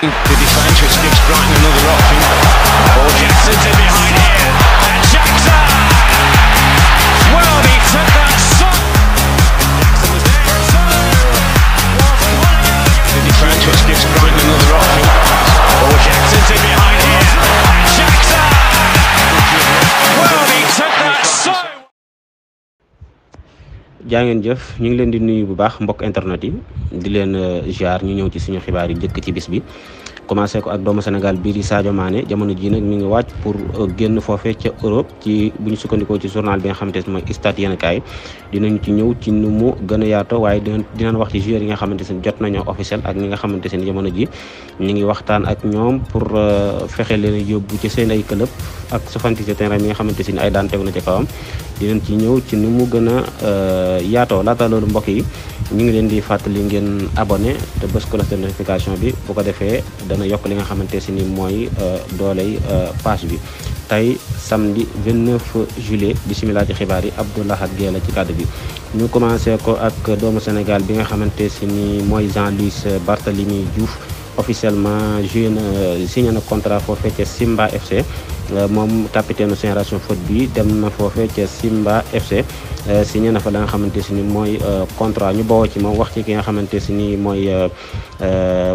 to decide. jaa ngeen jëf ñu ngi leen di nuyu bu baax mbokk internet yi di leen euh, ziar ñu ñëw ci suñu xibaar yi njëkk ci bis bi commencé ko ak doomu Sénégal bi di Sadio Mané jamono ji nak mi ngi wacc pour euh, génn fofé ci Europe ci buñu sukkandiko ci journal bi nga xamanté moy Stade yenn kaay dinañ ci ñëw ci nu mu gëna yaato waye dinañ wax ci joueur yi nga xamanté sen jot nañu officiel ak ñi nga xamanté sen jamono ji ñi ngi waxtaan ak ñom pour euh, fexé leen yobbu ci sen ay club ak sofanti ci terrain yi nga xamanté sen ay daan tegu na ci kawam dinañ ci ñëw ci nu mu gëna euh, yaato la ta lolu mbokk yi ñu ngi leen di fàttali ngeen abonné te bës ko la seen bi bu ko defee dana yokk li nga xamante si ni mooy euh, dooley euh, page bi tey samedi 29 juillet bisimilah ci xibaar yi Abdou ak Guèye la ci kàddu bi ñu commencé ko ak doomu Sénégal bi nga xamante si ni mooy Jean-Louis Barthélemy Diouf officiellement joué na euh, signé na contrat foofee ca Simba FC Euh, moom capitaine génération foot bi dem na foofe ca Simba FC euh, signé na fa la nga xamante si ni mooy euh, contrat ñu bawoo ci moom wax ci ki nga xamante si nii mooy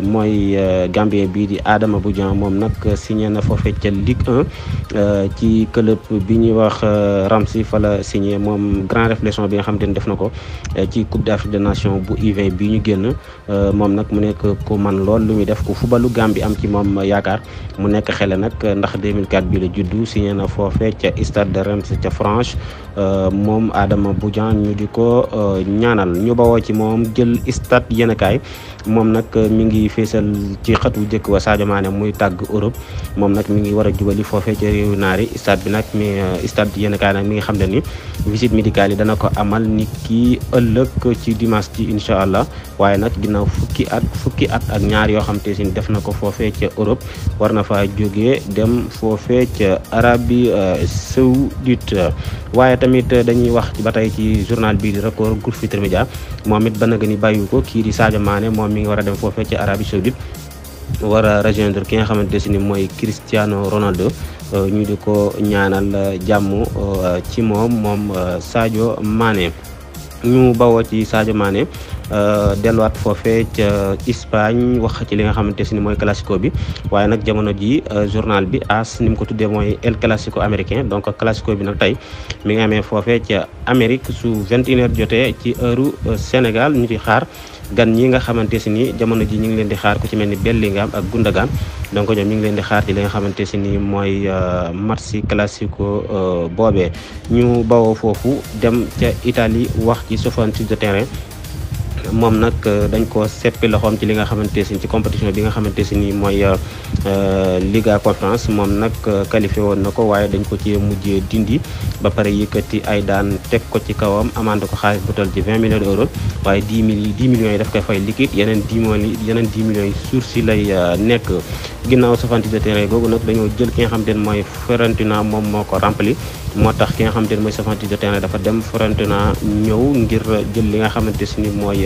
mooy Gambien bii di bu Boudian moom nag signé na foofe ca Ligue 1 ci club bi ñuy wax Ramsi fa la signé moom grand réflexion bi nga xamante ni def na ko ci Coupe d'Afrique des Nations bu u bi ñu génn moom nag mu nekk ku man lool lu muy def ku fubalu Gambie am ci moom yaakaar mu nekk xele la juddu signé na foofe ca stade de Reims ca France euh, moom Adama Boudian ñu di ko euh, ñaanal ñu bawoo ci moom jël stade yenekaay moom nag euh, mu ngi feesal ci xatu jëkk wa Sadio Mané muy tàgg Europe moom nag mi ngi war a jubali foofe ca réewu naari stade bi nag mi stade yenekaay nag mi ngi xam ne ni visite médicale yi dana ko amal ni ki ëllëg ci dimas ci incha allah waaye nag ginnaaw fukki at fukki at ak ñaar yoo xam te sin def na ko foofe ca Europe war na ca euh, Arabie euh, Saoudite waaye tamit euh, dañuy wax ba tey ci journal bii di record groupe Futurs Médias moom it ba nga ni bàyyi ko kii di Sadio Mané moom mi ngi war a dem foofee ca Arabie Saoudite war a rejoindre ki nga xamante ne mooy Cristiano Ronaldo ñu di ko ñaanal jàmm ci moom moom Sadio Mané ñu bawoo ci saajo Mané. Euh, delluwaat foofee ca Espagne wax ci li nga xamante si ni mooy classico bi waaye nag jamono ji euh, journal bi AS ni mu ko tuddee mooy El Classico américain donc classico bi nag tey mi ngi amee foofee ca Amérique su 21h jotee ci heure euh, Sénégal ñu ci xaar gan ñi nga xamante si ni jamono ji ñu ngi leen di xaar ko ci mel ni Bellingham ak Gundogan donc ñoom ñu ngi leen di xaar ci li nga xamante si ni mooy match classico boobe ñu bawoo foofu dem ca Italie wax ci soixante-six de terrain mom nak euh, dañ ko seppi loxom ci li nga xamanté si ci compétition bi nga xamanté si ni euh Liga Conference mom nak euh, qualifié won nako ko dañ ko ci mujjé dindi ba paré yëkëti ay daan tek ko ci kawam amande ko xaalis bu tol ci 20 millions d'euros waye 10 millions 10 millions daf koy fay liquide yenen 10 millions yenen 10 millions source lay euh, nek ginnaw sofanti de terrain googu nak dañu jël ki nga xamanté moy mooy Fiorentina moom moo ko rempli moo ki nga xamanté moy sofanti de terrain dafa dem Fiorentina ñëw ngir jël li nga xamanté si ni mooy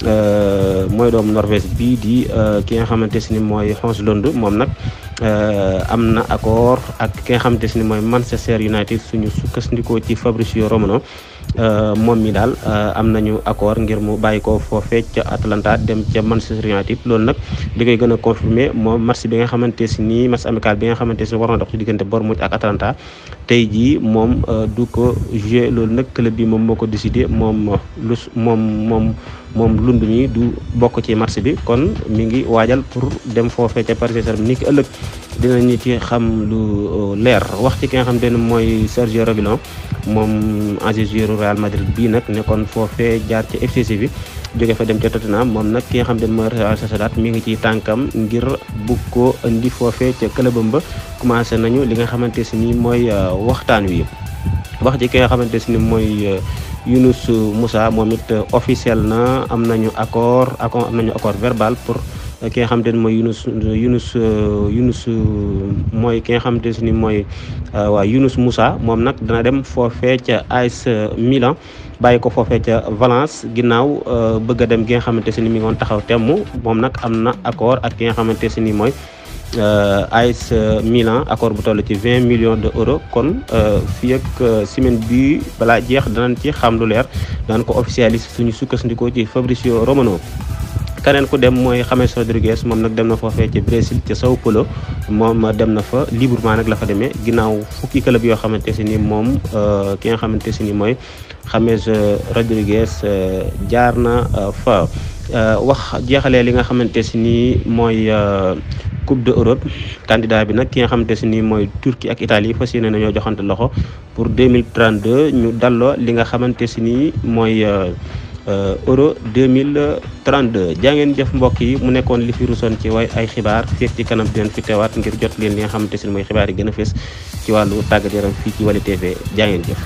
Euh, mooy doomu Norvège bii di euh, ki nga xamante si ni mooy Hans Lund moom nag euh, am na accord ak ki nga xamante si ni mooy Manchester United suñu sukkandikoo ci Fabrizio Romano moom mi daal am na ñu accord ngir mu bàyyi ko foofee ca Atalanta dem ca Manchester United loolu nag di koy gën a confirmer moom match bi nga xamante si nii match amical bi nga xamante si war na dox ci diggante Bournemouth ak Atalanta tey jii moom du ko joué loolu nag club bi moom moo ko décidé moom lus moom moom moom lund mi du bokk ci marché bi kon mi ngi waajal pour dem foofee ca Paris saint ni ki ëllëg dinañu ci xam lu euh, leer wax ci ki nga xam ne mooy Sergio Reguilon moom ancien Real Madrid bii nag nekkoon foofee jaar ci FC Séville bi jóge fa dem ca Tottenham moom nag ki nga xam ne mooy Real Sociedad mi ngi ci tànkam ngir bu ko indi foofee ca këlëbam ba commencé nañu li nga xamante si ni mooy euh, waxtaan wi wax ci ki xamante si ni mooy euh, Younous Moussa moom it euh, officiel na am nañu accord accord am nañu accord verbal pour euh, ki nga xamante ni mooy Younous Younous euh, Younous mooy ki nga xamante ni mooy waa Younous Moussa moom nag dana dem foofee ca AS Milan bàyyi ko foofee ca Valence ginnaaw bëgg a dem ki nga xamante ni mi taxaw temm moom nag am na accord ak ki nga xamante ni mooy. Euh, AS euh, Milan accord bu toll ci vingt millions de euros kon euh, fii ak semaine bi balaa jeex danañ ci xam lu leer daan ko officialiste suñu sukkandikoo ci Fabrizio Romano. keneen ku dem mooy James Rodriguez moom nag dem na foofee ca Brésil ca Sao Paulo moom dem na fa librement nag la fa demee ginnaaw fukki club yoo xamante si ni moom ki nga xamante si ni mooy James Rodriguez jaar na fa wax jeexalee li nga xamante si ni mooy. coupe de Europe candidat bi nag ki nga xamante si ni mooy Turquie ak Italie fas na nañoo joxante loxo pour 2032 ñu dalloo li nga xamante si ni mooy euh, euh, euro 2032 jaa jàngeen jëf mbokk yi mu nekkoon li fi rusoon ci way ay xibaar fekk ci kanam di leen fi teewaat ngir jot leen li nga xamante si ni mooy xibaar yi gën a ci wàllu tàggat yaram fii ci Waly TV jàngeen jëf